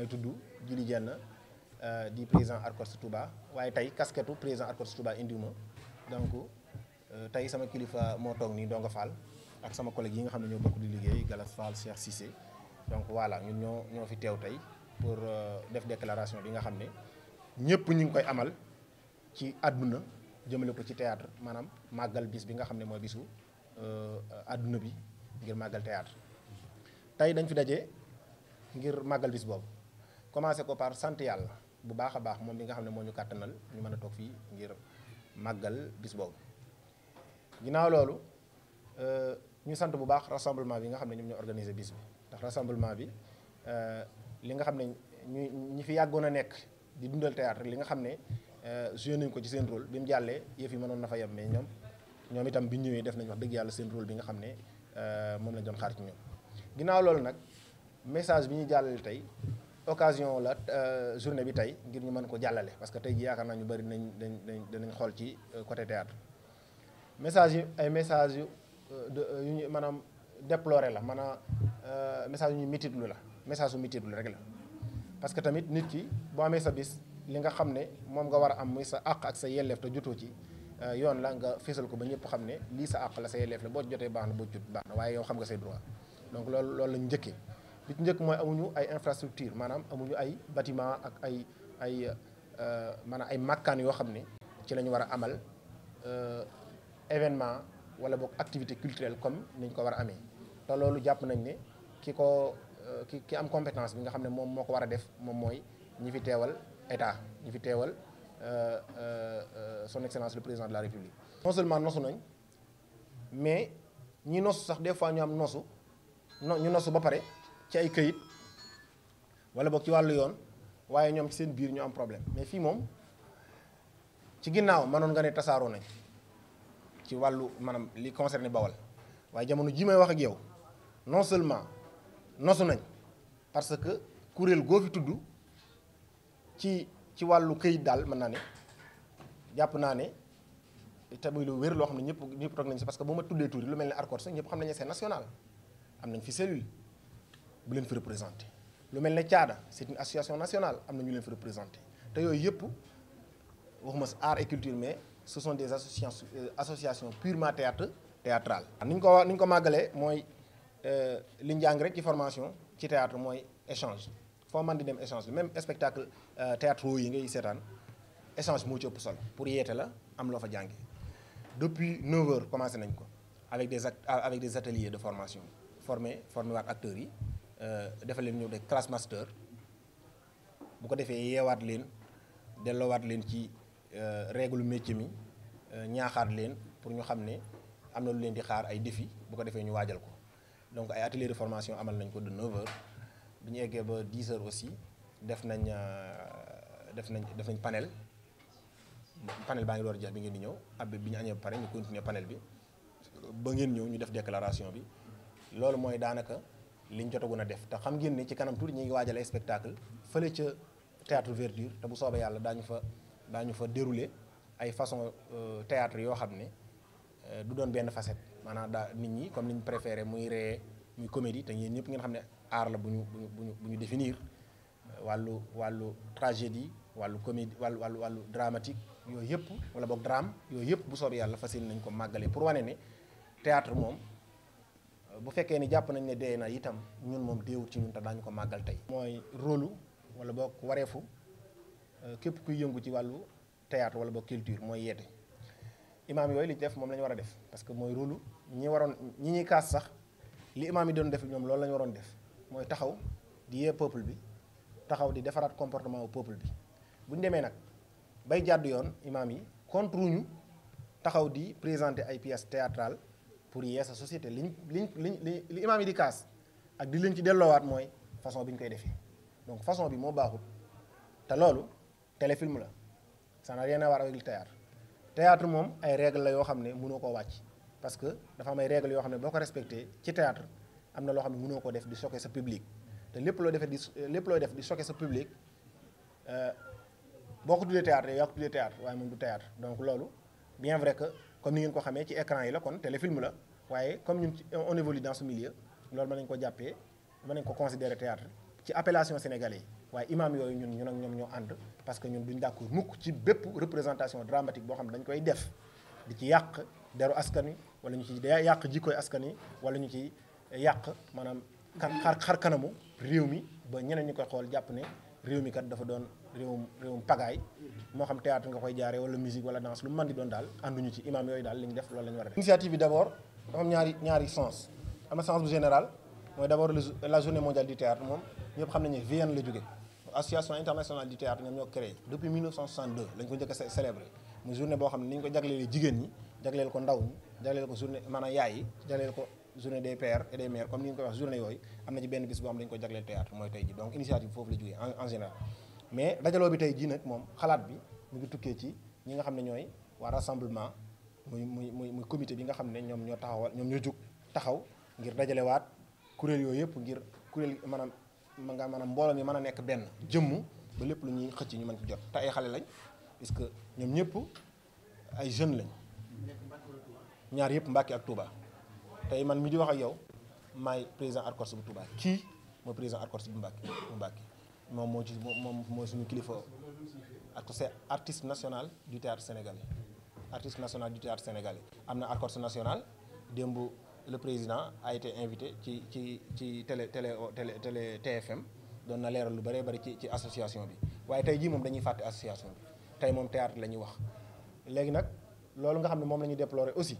maa ngi tudd Djily Diène euh, di président Arcos tuba waaye tey kasketu président Arcos Touba indiwuma donc euh, tey sama kilifa moo toog nii Ndongo Fall ak sama collègue yi nga xam ne ñoo bokk di liggéey Galas Fall Cheikh Cissé donc voilà ñun ñoo ñoo fi teew tey pour euh, def déclaration bi nga xam ne ñëpp ñu ngi koy amal ci àdduna jëmale ko ci théâtre maanaam màggal bis bi nga xam ne mooy bisu àdduna bi ngir màggal théâtre tey dañ fi daje ngir màggal bis boobu commencé ko par sant yàlla bu baax a baax moom bi nga xam ne moo ñu kàttanal ñu mën a toog fii ngir màggal bis boobu ginnaaw loolu euh, ñu sant bu baax rassemblement bi nga xam ne ñoom ñoo organisé bis bi ndax rassemblement bi euh, li nga xam ne ñu ñi fi yàggoon a nekk di dundal théâtre li nga xam ne euh, joué nañ ko ci seen rôle bi mu jàllee yëf yi mënoon na fa yem mais ñoom ñoom itam bi ñuy def nañu wax dëgg yàlla seen rôle bi nga xam ne moom lañ doon xaar ñoom ginnaaw loolu nag message bi ñu jàllale tey occasion la euh, journée bi tey ngir ñu mën ko jàllale parce que tey ji yaakaar naa ñu bëri nañ dañ dañ danañ xool ci euh, côté théâtre message yu ay message yu euh, yu ñu maanaam déploré la maanaam message yu ñu mititlu la message yu mititlu rek la parce que tamit nit ki boo amee sa bis li nga xam ne moom nga war a am muy sa àq ak sa yelleef te jutoo ci yoon la nga fésal ko ba ñëpp xam ne lii sa àq la sa yelleef la boo jotee baax na boo jot baax na waaye yow xam nga say droit donc loolu loolu lañu li njëkk mooy amuñu ay infrastructure maanaam amuñu ay bâtiment ak ay ay euh, maanaam ay makkaan yoo xam ne ci la war a amal euh, événement wala boog activité culturelle comme ni ñu ko war a amee te loolu jàpp nañ ne ki ko euh, ki ki am compétence bi nga xam ne moom moo ko war a def moom mooy ñi fi teewal état ñi fi teewal son excellence le président de la république non seulement nosu nañ mais ñi nosu sax des fois ñu am nosu ñu nosu ba pare ci ay këyit wala boog ci wàllu yoon waaye ñoom ci seen biir ñu am problème mais fii moom ci ginnaaw mënoon nga ne tasaaroo nañ ci wàllu maanaam li concerné Bawal waaye jamono jii may wax ak yow non seulement nosu nañ parce que kuréel goo fi tudd ci ci wàllu këyit daal mën naa ne jàpp naa ne te muy lu wér loo xam ne ñëpp ñëpp toog nañ si parce que bu ma tuddee tuuri lu mel ne ARCOD sax ñëpp xam nañ ne c'est national am nañ fi cellule bu leen fi représenté lu mel ne caada c'est une association nationale am na ñu leen fi représenté te yooyu yëpp waxuma art et culture mais ce sont des associations euh, associations purement théâtre théâtrale ni ñu ko ni ñu ko màggalee mooy euh, li ñu jàng rek ci formation ci théâtre mooy échange foo man di dem échange même spectacle euh, théâtraux yi ngay seetaan échange moo ci ëpp solo pour yeete la am loo fa jàngi depuis 9 heures commencé nañ ko avec des avec des de formation formé formé acteurs yi Euh, defal leen ñu de classe bu ko defee yeewaat leen delloowaat leen ci euh, règle métier mi euh, ñaaxaat leen pour ñu xam ne am na lu leen di xaar ay défi bu ko defee ñu waajal ko donc ay atelier de formation amal nañ ko de 9h bu ñu eggee ba 10h aussi def nañ def nañ def nañ panel panel baa ngi door jeex bi ngeen di ñëw ab bi ñu añee pare ñu continuer panel bi ba ngeen ñëw ñu def déclaration bi loolu mooy daanaka. liñ jotagun a def te xam ngeen ne ci kanam tuuti ñu ngi waajale spectacle fële ca théâtre verdure te bu soobee yàlla daañu fa daañu fa dérouler ay façon euh, théâtre yoo xam ne euh, du doon benn facette maanaam daa nit ñi comme niñ préféré muy ree muy comédie te yéen ñëpp ngeen xam ne art la bu ñu bu ñu bu ñu définir euh, wàllu wàllu tragédie wàllu comédie wàllu wàllu wàllu dramatique yooyu yëpp wala boog drame yooyu yëpp bu soobee yàlla fas yéene nañ ko màggale pour wane ne théâtre moom bu fekkee ni jàpp nañ ne dee na itam ñun moom deewut ci ñun te daañu ko màggal tey. mooy rôle wala boog wareefu euh, képp kuy yëngu ci wàllu théâtre wala boog culture mooy yeete imaam yooyu li def moom lañu war a def parce que mooy rôle ñi waroon ñi ñuy kaas sax li imaam yi doon def ñoom loolu la waroon def mooy taxaw di yee peuple bi taxaw di defaraat comportement wu peuple bi bu ñu demee nag bay jàddu yoon imam yi contre ñu taxaw di présenter ay pièces théâtrales pour yee sa société liñ liñ li li imaam yi di kaas ak di leen ci delloowaat mooy façon bi ñu koy defee donc façon bi moo baaxul te loolu téléfilm la ça n'a rien à voir avec le théâtre théâtre moom ay règle la yoo xam ne munoo koo wàcc parce que dafa am ay règle yoo xam ne boo ko respecté ci théâtre am na loo xam ne mënoo ko def di choquer sa public te lépp loo defee di lépp looy def di choquer sa public euh, boo ko tuddee théâtre yow yaa ko tuddee théâtre waaye comme ni ngeen ko xamee ci écran yi la kon téléfilm la waaye comme ñun on évolue dans ce milieu loolu mën nañ ko jàppee mën nañ ko considérer théâtre ci appellation sénégalais yi waaye imam yooyu ñun ñu nag ñoom ñoo ànd parce que ñun duñ d'accord mukk ci bépp représentation dramatique boo xam ne dañ koy def di ci yàq deru askan wi wala ñu ci yàq jikkoy askan wi wala ñu ci yàq maanaam xar xar kanamu réew mi ba ñeneen ñu koy xool jàpp ne réew mi kat dafa doon réewum pagaay moo xam théâtre nga koy jaaree wala musique wala danse lu mën di doon daal ànduñu ci imam yooyu daal li def loolu la war a def. initiative bi d' abord dafa am ñaari ñaari sens am na sens bu général mooy d' abord la journée mondiale du théâtre moom ñëpp xam nañu ne Vienne la jógee association internationale du théâtre ñoom ñoo ko njëkk a mu journée boo xam ne ni ñu ko jaglelee jigéen ñi jagleel ko ndaw ñi jagleel ko journée maanaam yaay yi jagleel ko. journée de pères et des mères comme ni nga koy wax journée yooyu am na ci benn bis boo xam dañu ko jagleel théâtre mooy tey ji donc initiative foofu la jógee en général mais dajaloo bi tey ji nag moom xalaat bi mu ngi tukkee ci ñi nga xam ne ñooy waa rassemblement muy muy muy muy comité bi nga xam ne ñoom ñoo taxawal ñoom ñoo jug taxaw ngir dajalewaat kuréel yooyu yëpp ngir kuréel maanaam ma nga maanaam mbooloo mi mën a nekk benn jëmm ba lépp lu ñuy xëcc ñu mën ci jot te ay xale lañ puisque ñoom ñëpp ay jeunes lañ ñaar yëpp Mbàkke tey man mi di wax ak yow maay président ARCOS bu Touba kii mooy président ARCOS bu Mbacké bu Mbacké moom moo ci moom mooy suñu kilifa ARCOS c'est national du théâtre sénégalais national du théâtre am na ARCOS national démb le président a invité ci ci ci télé télé doon na leeral lu bëree bëri ci ci association bi waaye tey jii moom dañuy fàtte tey moom théâtre la ñuy wax léegi nag loolu nga xam ne moom la ñuy déplorer aussi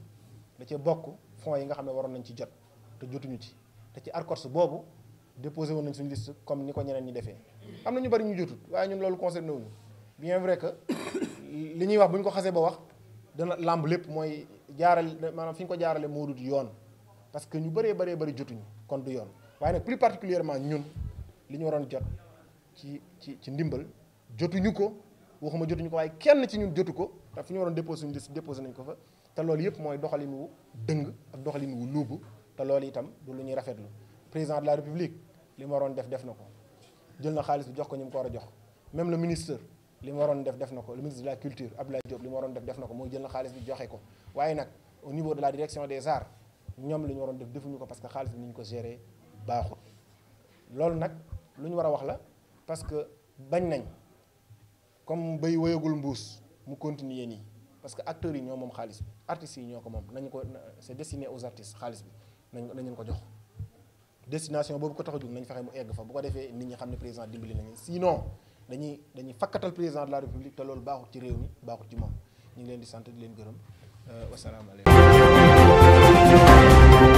da cee bokk fonds yi nga xam ne waroon nañ ci jot te jotuñu ci te ci ARCORS boobu déposé woon nañ suñu liste comme ni ko ñeneen ñi defee am na ñu bari ñu jotut waaye ñun loolu concerné wuñu bien vrai que li ñuy wax bu ñu ko xasee ba wax dana làmb lépp mooy jaaral maanaam fi ñu ko jaarale moo dut yoon parce que ñu bëree baree bari jotuñu kon du yoon waaye nag plus particulièrement ñun li ñu waroon jot ci ci ci ndimbal jotuñu ko waxuma jotuñu ko waaye kenn ci ñun jotu ko te fi ñu waroon déposé suñu nañ ko fa te loolu yëpp mooy doxalin wu dëng ak doxalin wu luubu te loolu itam du lu ñuy rafetlu président de la république li mu waroon def def na ko jël na xaalis bi jox ko ñu mu ko war a jox même le ministre li mu waroon def def na ko le ministre de la culture Abdoulaye Diop li mu waroon def def na ko mooy jël na xaalis bi joxe ko waaye nag au niveau de la direction des arts ñoom li ñu waroon def defuñu ko parce que xaalis bi ni ñu ko gérer baaxul loolu nag lu ñu war a wax la parce que bañ nañ comme bay woyagul mbuus mu continuer nii parce que acteurs yi ñoo moom xaalis bi artistes yi ñoo ko moom nañu ko c'est destiné aux artistes xaalis bi nañu nañu ko jox destination boobu ko tax a jóg nañu fexe mu egg fa bu ko defee nit ñi xam ne président dimbali nañu sinon dañuy dañuy fakkatal président de la république te loolu baaxut ci réew mi baaxut ci moom ñu ngi leen di sant di leen gërëm euh, wasalaamaaleykum